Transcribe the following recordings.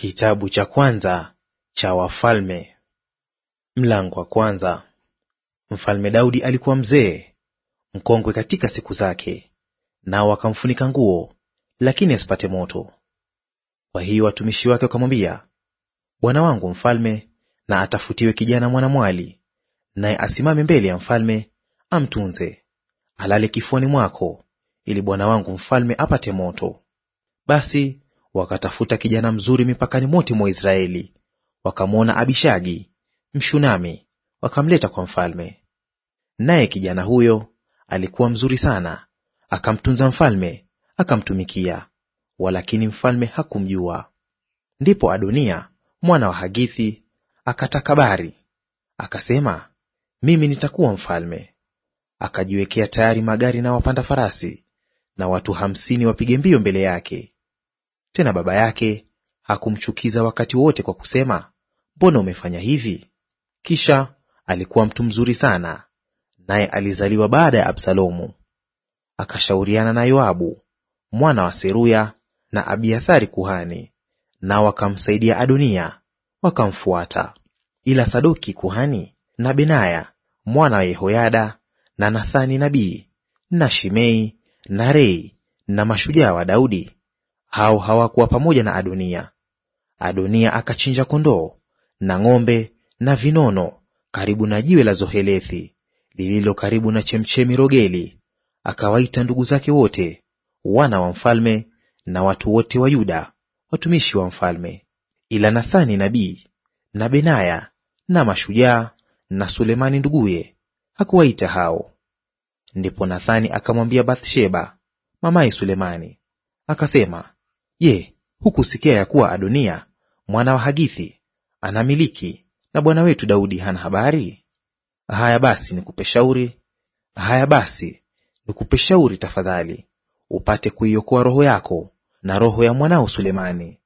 Kitabu cha kwanza cha Wafalme mlango wa kwanza. Mfalme Daudi alikuwa mzee mkongwe katika siku zake, nao wakamfunika nguo, lakini asipate moto. Kwa hiyo watumishi wake wakamwambia, bwana wangu mfalme, na atafutiwe kijana mwanamwali, naye asimame mbele ya mfalme, amtunze, alale kifuani mwako, ili bwana wangu mfalme apate moto. Basi wakatafuta kijana mzuri mipakani moti mwa Israeli, wakamwona Abishagi Mshunami, wakamleta kwa mfalme. Naye kijana huyo alikuwa mzuri sana, akamtunza mfalme, akamtumikia, walakini mfalme hakumjua. Ndipo Adonia mwana wa Hagithi akatakabari, akasema, mimi nitakuwa mfalme. Akajiwekea tayari magari na wapanda farasi na watu hamsini wapige mbio mbele yake, tena baba yake hakumchukiza wakati wote kwa kusema, mbona umefanya hivi? Kisha alikuwa mtu mzuri sana, naye alizaliwa baada ya Absalomu. Akashauriana na Yoabu mwana wa Seruya na Abiathari kuhani, nao wakamsaidia Adonia, wakamfuata. Ila Sadoki kuhani na Benaya mwana wa Yehoyada na Nathani nabii na Shimei na Rei na mashujaa wa Daudi hao hawakuwa pamoja na Adonia. Adonia akachinja kondoo na ng'ombe na vinono karibu na jiwe la Zohelethi lililo karibu na chemchemi Rogeli. Akawaita ndugu zake wote, wana wa mfalme na watu wote wa Yuda, watumishi wa mfalme, ila Nathani nabii na Benaya na mashujaa na Sulemani nduguye hakuwaita hao. Ndipo Nathani akamwambia Bathsheba mamaye Sulemani akasema, Je, hukusikia ya kuwa Adonia mwana wa Hagithi anamiliki na bwana wetu Daudi hana habari? Haya basi nikupe shauri, haya basi nikupe shauri tafadhali, upate kuiokoa roho yako na roho ya mwanao Sulemani.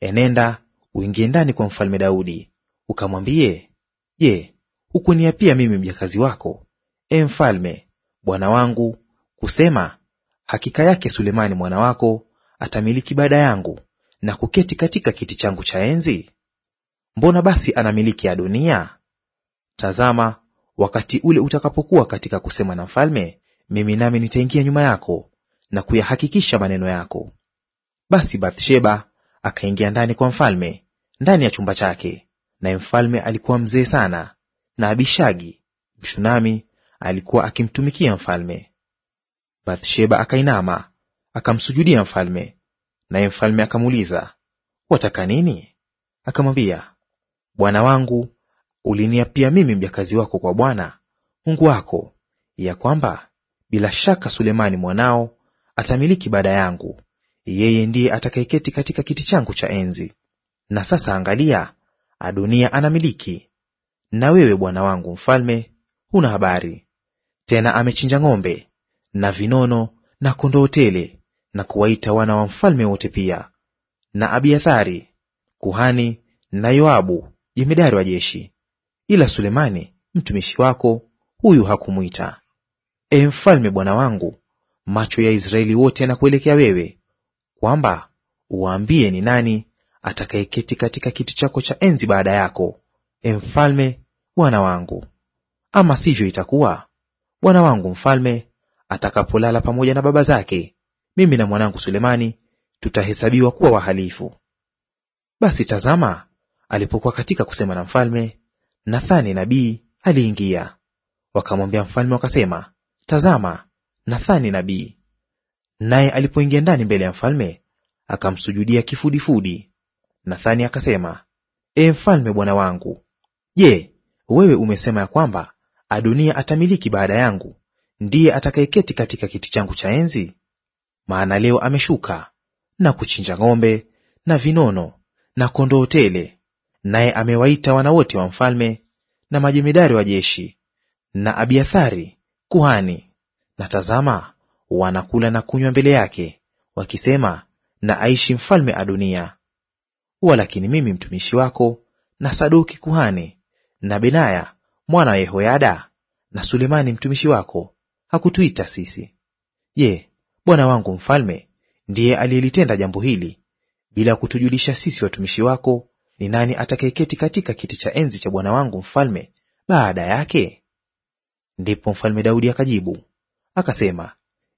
Enenda uingie ndani kwa mfalme Daudi, ukamwambie, Je, hukuniapia mimi mjakazi wako, e mfalme, bwana wangu, kusema, hakika yake Sulemani mwana wako atamiliki baada yangu na kuketi katika kiti changu cha enzi? Mbona basi anamiliki dunia Tazama, wakati ule utakapokuwa katika kusema na mfalme, mimi nami nitaingia nyuma yako na kuyahakikisha maneno yako. Basi Bathsheba akaingia ndani kwa mfalme ndani ya chumba chake, naye mfalme alikuwa mzee sana, na Abishagi Mshunami alikuwa akimtumikia mfalme. Bathsheba akainama akamsujudia mfalme. Naye mfalme akamuuliza, wataka nini? Akamwambia, bwana wangu, uliniapia mimi mjakazi wako kwa Bwana Mungu wako, ya kwamba bila shaka Sulemani mwanao atamiliki baada yangu, yeye ndiye atakayeketi katika kiti changu cha enzi. Na sasa angalia, Adonia anamiliki, na wewe bwana wangu mfalme huna habari. Tena amechinja ng'ombe na vinono na kondoo tele na kuwaita wana wa mfalme wote pia, na Abiathari kuhani na Yoabu jemedari wa jeshi, ila Sulemani mtumishi wako huyu hakumwita. E mfalme bwana wangu, macho ya Israeli wote yanakuelekea wewe, kwamba uwaambie ni nani atakayeketi katika kiti chako cha enzi baada yako, e mfalme bwana wangu. Ama sivyo, itakuwa bwana wangu mfalme atakapolala pamoja na baba zake mimi na mwanangu Sulemani tutahesabiwa kuwa wahalifu. Basi tazama, alipokuwa katika kusema na mfalme, Nathani nabii aliingia. Wakamwambia mfalme wakasema, tazama, Nathani nabii. Naye alipoingia ndani mbele ya mfalme, akamsujudia kifudifudi. Nathani akasema, e mfalme, bwana wangu, je, wewe umesema ya kwamba Adonia atamiliki baada yangu, ndiye atakayeketi katika kiti changu cha enzi? maana leo ameshuka na kuchinja ng'ombe na vinono na kondoo tele, naye amewaita wana wote wa mfalme na majemedari wa jeshi na Abiathari kuhani, na tazama, wanakula na kunywa mbele yake, wakisema, na aishi mfalme adunia Walakini mimi mtumishi wako na Sadoki kuhani na Benaya mwana wa Yehoyada na Sulemani mtumishi wako hakutuita sisi. Je, Bwana wangu mfalme ndiye aliyelitenda jambo hili bila kutujulisha sisi watumishi wako ni nani atakayeketi katika kiti cha enzi cha bwana wangu mfalme baada yake? Ndipo mfalme Daudi akajibu akasema,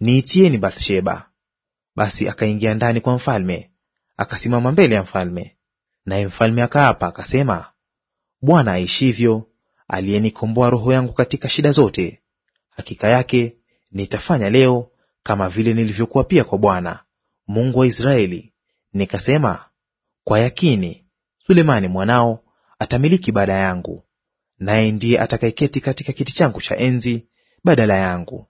niitieni Bathsheba. Basi akaingia ndani kwa mfalme, akasimama mbele ya mfalme. Naye mfalme akaapa akasema, Bwana aishivyo, aliyenikomboa roho yangu katika shida zote, hakika yake nitafanya leo kama vile nilivyokuwa pia kwa Bwana Mungu wa Israeli, nikasema, kwa yakini Sulemani mwanao atamiliki baada yangu, naye ndiye atakayeketi katika kiti changu cha enzi badala yangu.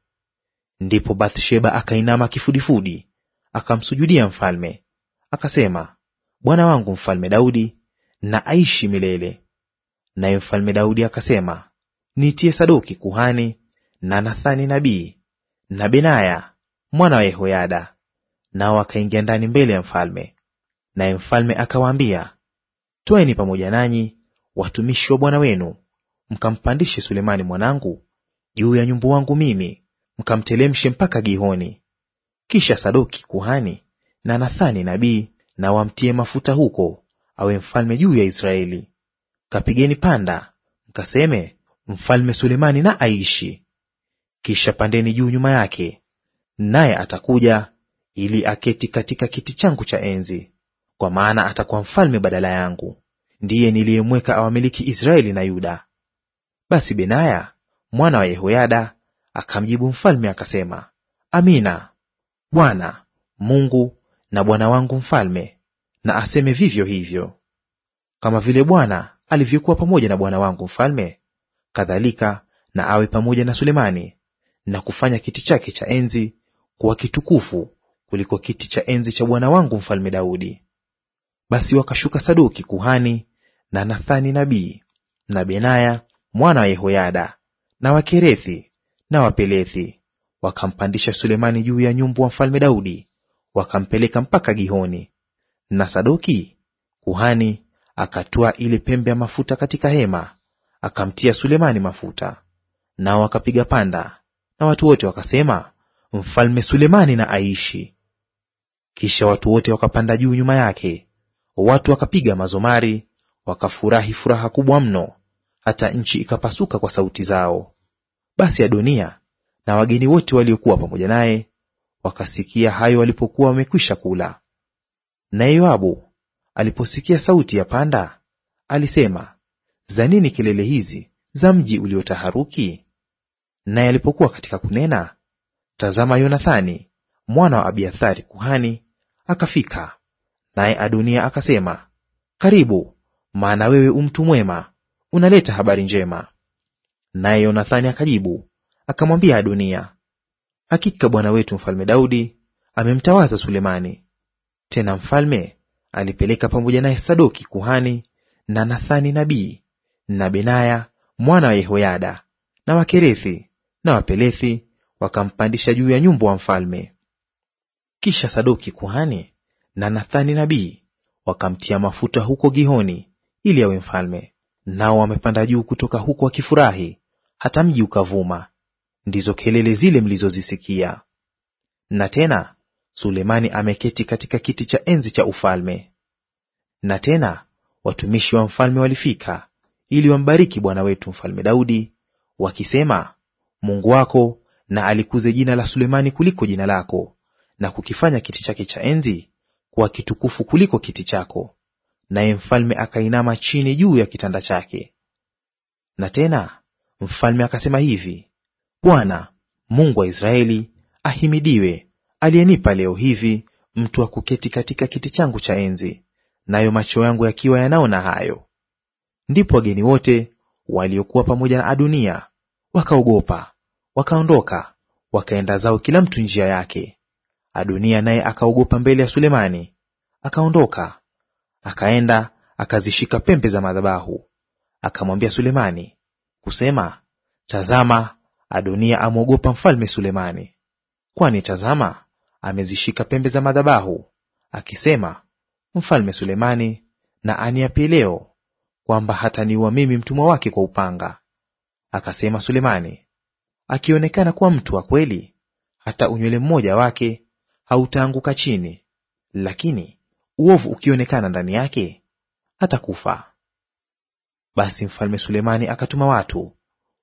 Ndipo Bathsheba akainama kifudifudi akamsujudia mfalme, akasema, Bwana wangu mfalme Daudi na aishi milele. Naye mfalme Daudi akasema, nitiye Sadoki kuhani na Nathani nabii na Benaya mwana wa Yehoyada. Nao wakaingia ndani mbele ya mfalme, naye mfalme akawaambia, twaeni pamoja nanyi watumishi wa bwana wenu, mkampandishe Sulemani mwanangu juu ya nyumbu wangu mimi, mkamtelemshe mpaka Gihoni. Kisha Sadoki kuhani na Nathani nabii na wamtie mafuta huko awe mfalme juu ya Israeli. Kapigeni panda, mkaseme, mfalme Sulemani na aishi. Kisha pandeni juu nyuma yake naye atakuja ili aketi katika kiti changu cha enzi, kwa maana atakuwa mfalme badala yangu; ndiye niliyemweka awamiliki Israeli na Yuda. Basi Benaya mwana wa Yehoyada akamjibu mfalme akasema, Amina. Bwana Mungu na bwana wangu mfalme na aseme vivyo hivyo. Kama vile Bwana alivyokuwa pamoja na bwana wangu mfalme, kadhalika na awe pamoja na Sulemani na kufanya kiti chake cha enzi kuwa kitukufu kuliko kiti cha enzi cha bwana wangu mfalme Daudi. Basi wakashuka Sadoki kuhani na Nathani nabii na Benaya mwana wa Yehoyada na Wakerethi na Wapelethi, wakampandisha Sulemani juu ya nyumbu wa mfalme Daudi, wakampeleka mpaka Gihoni. Na Sadoki kuhani akatua ile pembe ya mafuta katika hema, akamtia Sulemani mafuta. Nao wakapiga panda, na watu wote wakasema, mfalme Sulemani na aishi. Kisha watu wote wakapanda juu nyuma yake, watu wakapiga mazomari, wakafurahi furaha kubwa mno, hata nchi ikapasuka kwa sauti zao. Basi Adonia na wageni wote waliokuwa pamoja naye wakasikia hayo walipokuwa wamekwisha kula. Na Yoabu aliposikia sauti ya panda, alisema, za nini kelele hizi za mji uliotaharuki? Naye alipokuwa katika kunena, Tazama, Yonathani mwana wa Abiathari kuhani akafika, naye Adunia akasema, karibu, maana wewe umtu mwema, unaleta habari njema. Naye Yonathani akajibu akamwambia Adunia, hakika bwana wetu mfalme Daudi amemtawaza Sulemani. Tena mfalme alipeleka pamoja naye Sadoki kuhani na Nathani nabii na Benaya mwana wa Yehoyada na Wakerethi na Wapelethi wakampandisha juu ya nyumbu wa mfalme. Kisha Sadoki kuhani na Nathani nabii wakamtia mafuta huko Gihoni ili awe mfalme, nao wamepanda juu kutoka huko wakifurahi, hata mji ukavuma; ndizo kelele zile mlizozisikia. Na tena Sulemani ameketi katika kiti cha enzi cha ufalme. Na tena watumishi wa mfalme walifika ili wambariki bwana wetu mfalme Daudi, wakisema, Mungu wako na alikuze jina la Sulemani kuliko jina lako, na kukifanya kiti chake cha enzi kuwa kitukufu kuliko kiti chako, naye mfalme akainama chini juu ya kitanda chake. Na tena mfalme akasema hivi, Bwana Mungu wa Israeli ahimidiwe, aliyenipa leo hivi mtu wa kuketi katika kiti changu cha enzi, nayo macho yangu yakiwa yanaona hayo. Ndipo wageni wote waliokuwa pamoja na Adunia wakaogopa, Wakaondoka wakaenda zao kila mtu njia yake. adunia naye akaogopa mbele ya Sulemani, akaondoka akaenda akazishika pembe za madhabahu. Akamwambia Sulemani kusema, tazama, adunia amwogopa mfalme Sulemani, kwani tazama, amezishika pembe za madhabahu akisema, mfalme Sulemani na aniapie leo kwamba hataniua mimi mtumwa wake kwa upanga. Akasema Sulemani, akionekana kuwa mtu wa kweli, hata unywele mmoja wake hautaanguka chini; lakini uovu ukionekana ndani yake, atakufa. Basi mfalme Sulemani akatuma watu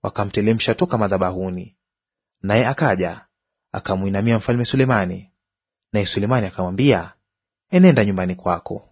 wakamtelemsha toka madhabahuni, naye akaja akamwinamia mfalme Sulemani, naye Sulemani akamwambia, enenda nyumbani kwako.